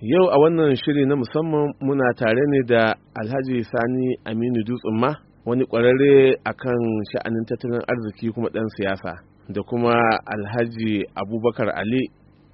Yau a wannan shiri na musamman muna tare ne da Alhaji Sani Aminu Dutsunma ma wani kwararre akan sha'anin tattalin arziki kuma ɗan siyasa da kuma Alhaji Abubakar Ali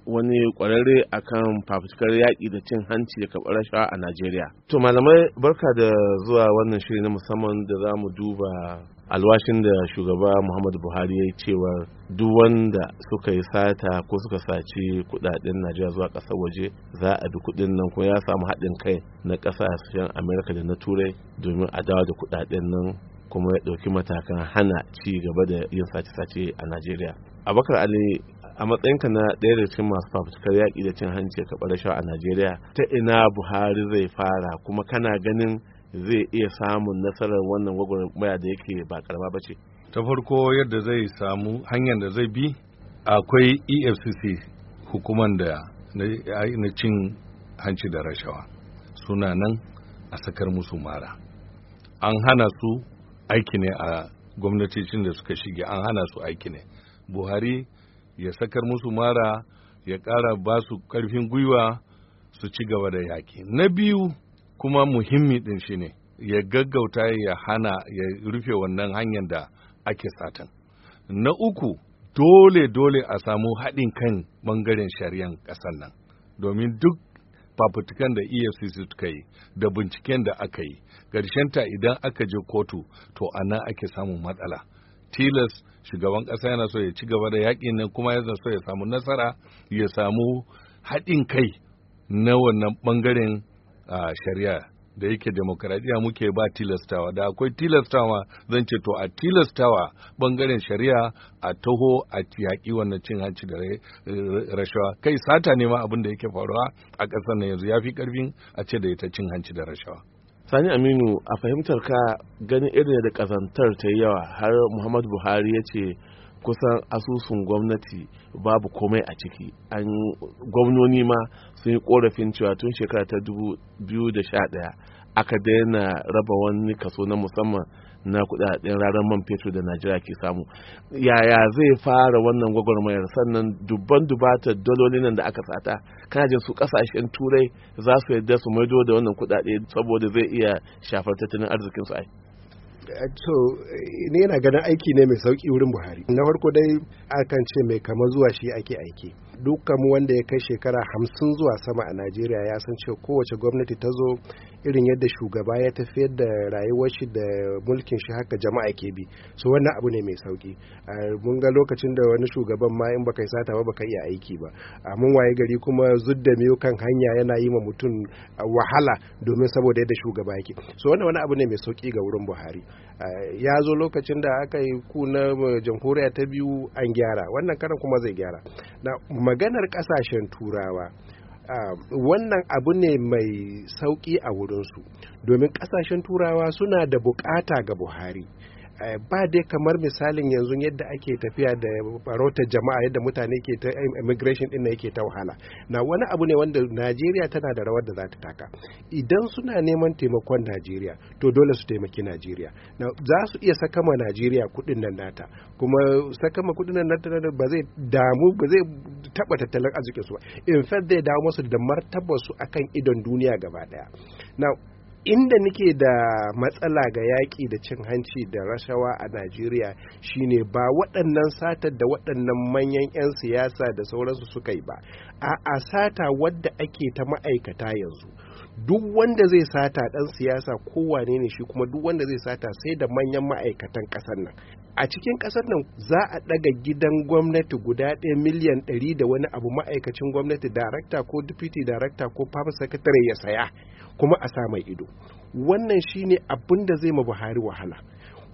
wani kwararre akan fafutukar yaƙi da cin hanci da karɓar rashawa a Najeriya. To malamai barka da zuwa wannan shiri na musamman da za mu duba alwashin da shugaba muhammadu buhari ya yi cewa duk wanda suka yi sata ko suka saci kudaden najeriya zuwa kasar waje za a bi kudin nan kuma ya samu haɗin kai na ƙasashen amerika da na turai domin a dawo da kudaden nan kuma ya ɗauki matakan hana ci gaba da yin sace-sace a najeriya abakar ali a matsayinka na ɗaya da cikin masu fafutukar yaƙi da cin hanci ka rashawa a najeriya ta ina buhari zai fara kuma kana ganin zai iya samun nasarar wannan gwagwarmaya da yake ba karama ba ce ta farko yadda zai samu hanyar da zai bi akwai efcc hukuman da na cin hanci da rashawa suna nan a sakar musu mara an hana su aiki ne a gwamnatocin da suka shige an hana su aiki ne buhari ya sakar musu mara ya ƙara ba su ƙarfin gwiwa su ci gaba da yaƙi na biyu kuma muhimmi din shi ne ya gaggauta ya hana ya rufe wannan hanyar da ake satan na uku dole dole a samu haɗin kan ɓangaren shari'an ƙasar nan domin duk fafutukan da efcc suka yi da binciken da aka yi ta idan aka je kotu to a nan ake samun matsala tilas shugaban ƙasa yana so ya ci gaba da yaƙin nan kuma yana so ya samu nasara ya samu haɗin kai na wannan ɓangaren a shari'a da yake demokradiya muke ba tilastawa da akwai tilastawa zan ce to a tilastawa bangaren shari'a a taho a yaƙi wannan cin hanci da eh, rashawa kai sata ne ma abin da yake faruwa a ƙasar na yanzu ya fi ƙarfin a ce da ita cin hanci da rashawa sani aminu a fahimtar ka ganin irin da ƙazantar ta yi yawa har muhammad buhari ya ce kusan asusun gwamnati babu komai a ciki an gwamnoni ma sun yi korafin cewa tun shekara ta 2011 aka daina raba wani kaso na musamman na kudaden ranar man fetur da najeriya ke samu yaya zai fara wannan gwagwarmayar sannan dubban dubata dalolin nan da aka sata kana jin su kasashen turai za su yarda su maido da wannan kudade saboda zai iya shafar tattalin arzikin su ai eh, to eh, ne yana ganin aiki ne mai sauki wurin buhari na farko dai akan ce mai kama zuwa shi ake aiki dukkan wanda ya kai shekara hamsin zuwa sama a najeriya ya san cewa kowace gwamnati ta zo irin yadda shugaba ya tafiyar da rayuwar shi da mulkin shi haka jama'a ke bi so wannan abu ne mai sauki mun ga lokacin da wani shugaban ma in baka sata ba baka iya aiki ba a mun waye gari kuma zudda miyo kan hanya yana yi ma mutum wahala domin saboda yadda shugaba yake so wannan wani abu ne mai sauki ga wurin buhari ya zo lokacin da aka yi ku na eh, jamhuriya ta biyu an gyara wannan karan kuma zai gyara maganar kasashen turawa wannan abu ne mai sauƙi a wurinsu domin ƙasashen turawa suna da buƙata ga buhari Eh, ba dai kamar misalin yanzu yadda ake tafiya da barota jama'a yadda mutane ke ta immigration din yake ta wahala na wani abu ne wanda Najeriya tana da rawar da za ta taka idan suna neman taimakon Najeriya to dole su taimaki Najeriya na za su iya saka ma Najeriya kudin nan nata kuma saka ma kudin nan nata ba zai damu ba zai taba tattalin arzikin su ba in fact zai dawo su da martabar su akan idon duniya gaba daya na inda nake da matsala ga yaƙi da cin hanci da rashawa a najeriya shine ba waɗannan satar da waɗannan manyan 'yan siyasa da sauransu suka yi ba a sata wadda ake ta ma'aikata yanzu duk wanda zai sata dan siyasa kowane ne shi kuma duk wanda zai sata sai da manyan ma'aikatan ƙasar nan a cikin ƙasar nan za a ɗaga gidan gwamnati guda ɗaya miliyan ɗari da wani abu ma'aikacin gwamnati darakta ko deputy darakta ko fam sakatare ya saya kuma a sa mai ido wannan shine abin da zai ma buhari wahala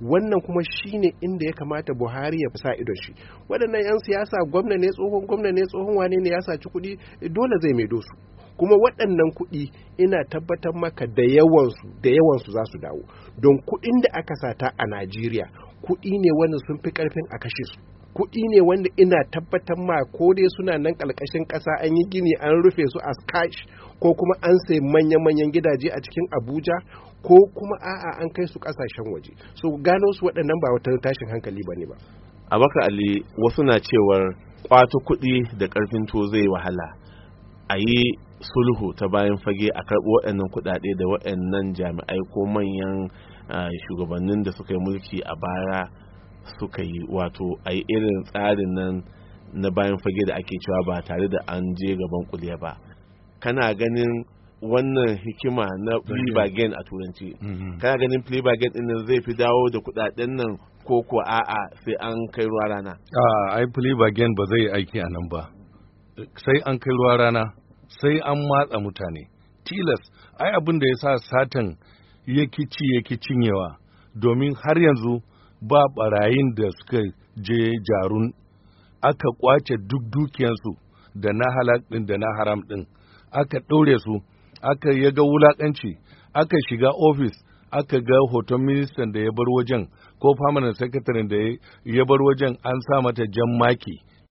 wannan kuma shine inda ya kamata buhari ya sa idon shi waɗannan 'yan siyasa gwamna ne tsohon gwamna ne tsohon wane ne ya saci kuɗi dole zai maido su kuma waɗannan kuɗi ina tabbatar maka da yawansu da yawansu za su dawo don kuɗin da aka sata a najeriya kuɗi ne wanda sun fi ƙarfin a kashe su kuɗi ne wanda ina tabbatar ma ko dai suna nan ƙalƙashin ƙasa an yi gini an rufe su a cash ko kuma an sayi manya-manyan gidaje a cikin abuja ko kuma a'a an kai su kasashen waje so gano su waɗannan ba wata tashin hankali ba ne ba abaka ali wasu na cewar kwato kuɗi da ƙarfin to zai wahala a yi sulhu ta bayan fage a karɓi waɗannan kuɗaɗe da waɗannan jami'ai ko manyan shugabannin da suka yi mulki a bara suka yi wato a yi irin tsarin nan na bayan fage da ake cewa ba tare da an je gaban kuliya ba kana ganin wannan hikima na play a turanci mm-hmm. kana ganin play by din zai fi dawo da kudaden nan ko ko a'a sai an kai ruwa rana a ai play ba zai aiki a nan ba sai an kai ruwa rana sai an matsa mutane tilas ai abin da ya sa satan ya kici ci yaki cinyewa domin har yanzu ba barayin da suka je jarun aka kwace duk dukiyansu da na halak din da na haram din aka ɗaure su aka ya ga wulakanci aka shiga ofis aka ga hoton ministan da ya bar wajen ko famanin sakataren da ya bar wajen an sa mata jan maki